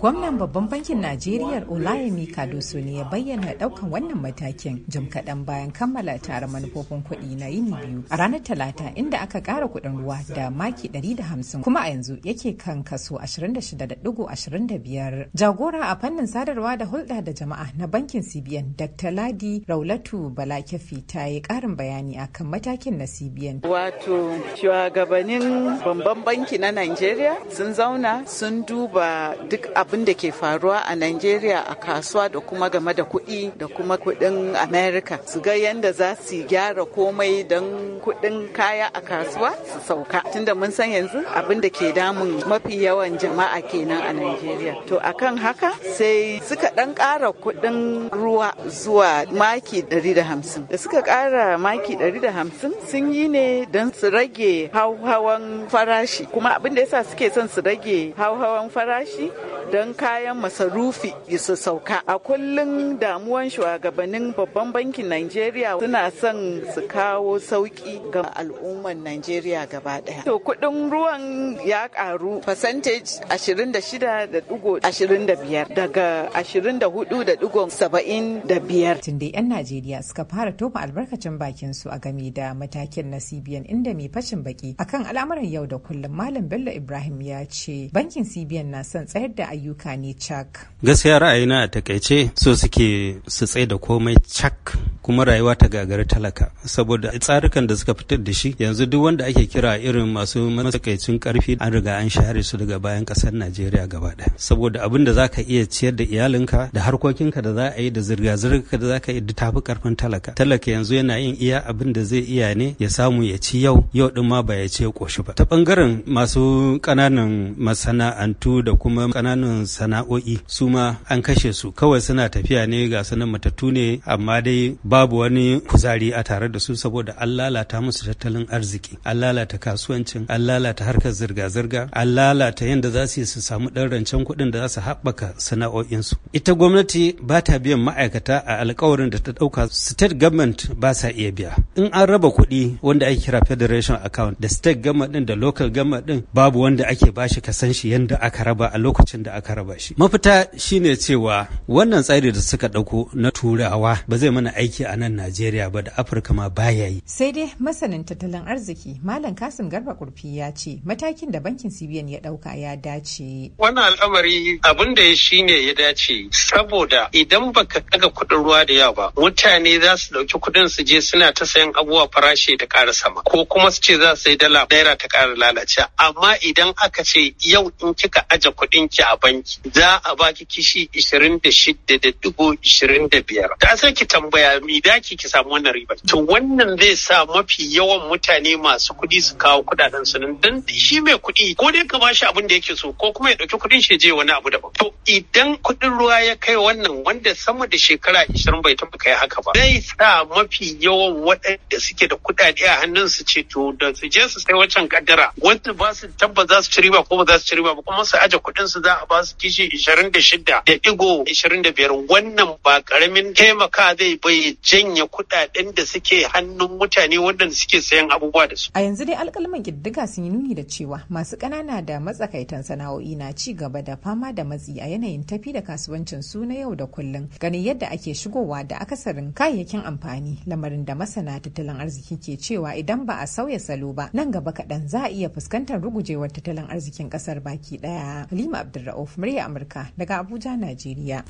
Gwamnan babban bankin Najeriya Olayemi Kadoso ne ya bayyana daukan wannan matakin jim kaɗan bayan kammala tare manufofin kuɗi na yini biyu a ranar Talata inda aka ƙara kuɗin ruwa da maki 150 kuma a yanzu yake kan kaso 26.25. Jagora a fannin sadarwa da hulɗa da jama'a na bankin CBN Dr. Ladi Raulatu Balakefi ta yi ƙarin bayani akan matakin na CBN. Wato shugabannin babban banki na Najeriya sun zauna sun duba duk abin da ke faruwa a Najeriya a kasuwa da kuma game da kuɗi da kuma kuɗin Amerika. Su ga yadda za su gyara komai don kuɗin kaya a kasuwa su sauka. Tunda mun san yanzu abin da ke damun mafi yawan jama'a kenan a Najeriya. To a kan haka sai suka ɗan ƙara kuɗin ruwa zuwa maki 150. Da suka ƙara maki 150 sun yi ne don su rage hawan farashi. Kuma abin da yasa suke son su rage hauhawan farashi don kayan masarufi su sauka. A kullum damuwan shugabannin babban bankin Najeriya suna son su kawo sauki ga al'ummar Najeriya gaba ɗaya. To kuɗin ruwan ya ƙaru percentage 26.25 daga 24.75. Tunda 'yan Najeriya suka fara tofa albarkacin bakin su a game da matakin na CBN inda mai fashin baki akan al'amuran yau da kullum Malam Bello Ibrahim ya ce bankin cbn na son tsayar da ayyuka ne cak gaskiya ra'ayina a takaice so suke su tsaye da komai cak kuma rayuwa ta gagari talaka saboda tsarukan da suka fitar da shi yanzu duk wanda ake kira irin masu matsakaicin karfi an riga an share su daga bayan kasar najeriya gaba daya saboda abin da zaka iya ciyar da iyalinka da harkokinka da za a yi da zirga-zirga da zaka yi duk tafi karfin talaka talaka yanzu yana yin iya abin da zai iya ne ya samu ya ci yau yau din ma ba ya ce koshi ba ta bangaren masu kananan masana masana'antu da kuma kananan sana'o'i su ma an kashe su kawai suna tafiya ne ga sanan matattu ne amma dai babu wani kuzari a tare da su saboda an lalata musu tattalin arziki an lalata kasuwancin an lalata harkar zirga-zirga an lalata yadda za su yi su samu ɗan rancen kuɗin da za su haɓaka sana'o'insu ita gwamnati ba ta biyan ma'aikata a alkawarin da ta ɗauka state government ba sa iya biya in an raba kuɗi wanda ake kira federation account da state government ɗin da local government ɗin babu wanda ake bashi kasan shi shi yadda aka raba a lokacin da aka raba shi mafita shine cewa wannan tsari da suka ɗauko na turawa ba zai mana aiki a nan najeriya ba da afirka ma baya yi sai dai masanin tattalin arziki malam kasim garba kurfi ya ce matakin da bankin cbn ya ɗauka ya dace wannan al'amari abin da ya ne ya dace saboda idan baka ɗaga kuɗin ruwa da yawa ba mutane za su ɗauki kuɗin su je suna ta sayan abubuwa farashi da ƙara sama ko kuma su ce za su yi dala naira ta ƙara lalace amma idan aka ce yau in kika aje kuɗin ki a banki za a baki kishi 26.25 da da dubu da sai ki tambaya mi daki ki samu wannan riba. To wannan zai sa mafi yawan mutane masu kuɗi su kawo kudaden su nan dan shi mai kuɗi ko dai ka bashi abin da yake so ko kuma ya dauki kuɗin shi je wani abu daban. To idan kuɗin ruwa ya kai wannan wanda sama da shekara ishirin bai tafi kai haka ba. Zai sa mafi yawan waɗanda suke da kuɗaɗe a hannun su ce to da su je su sai wancan kaddara wanda ba su tabbata za su ci riba ko ba za su ci riba ba kuma su aje kuɗin su za a ba su kishi 26 da digo 25 wannan ba karamin taimaka zai bai janye kuɗaɗen da suke hannun mutane waɗanda suke sayan abubuwa da su. A yanzu dai alƙalman ƙididdiga sun yi nuni da cewa masu ƙanana da matsakaitan sana'o'i na ci gaba da fama da matsi a yanayin tafi da kasuwancin su na yau da kullum ganin yadda ake shigowa da akasarin kayayyakin amfani lamarin da masana tattalin arziki ke cewa idan ba a sauya salo ba nan gaba kaɗan za a iya fuskantar rugujewar tattalin arzikin ƙasar ba baki daya halima abdulra'uf murya amurka daga abuja najeriya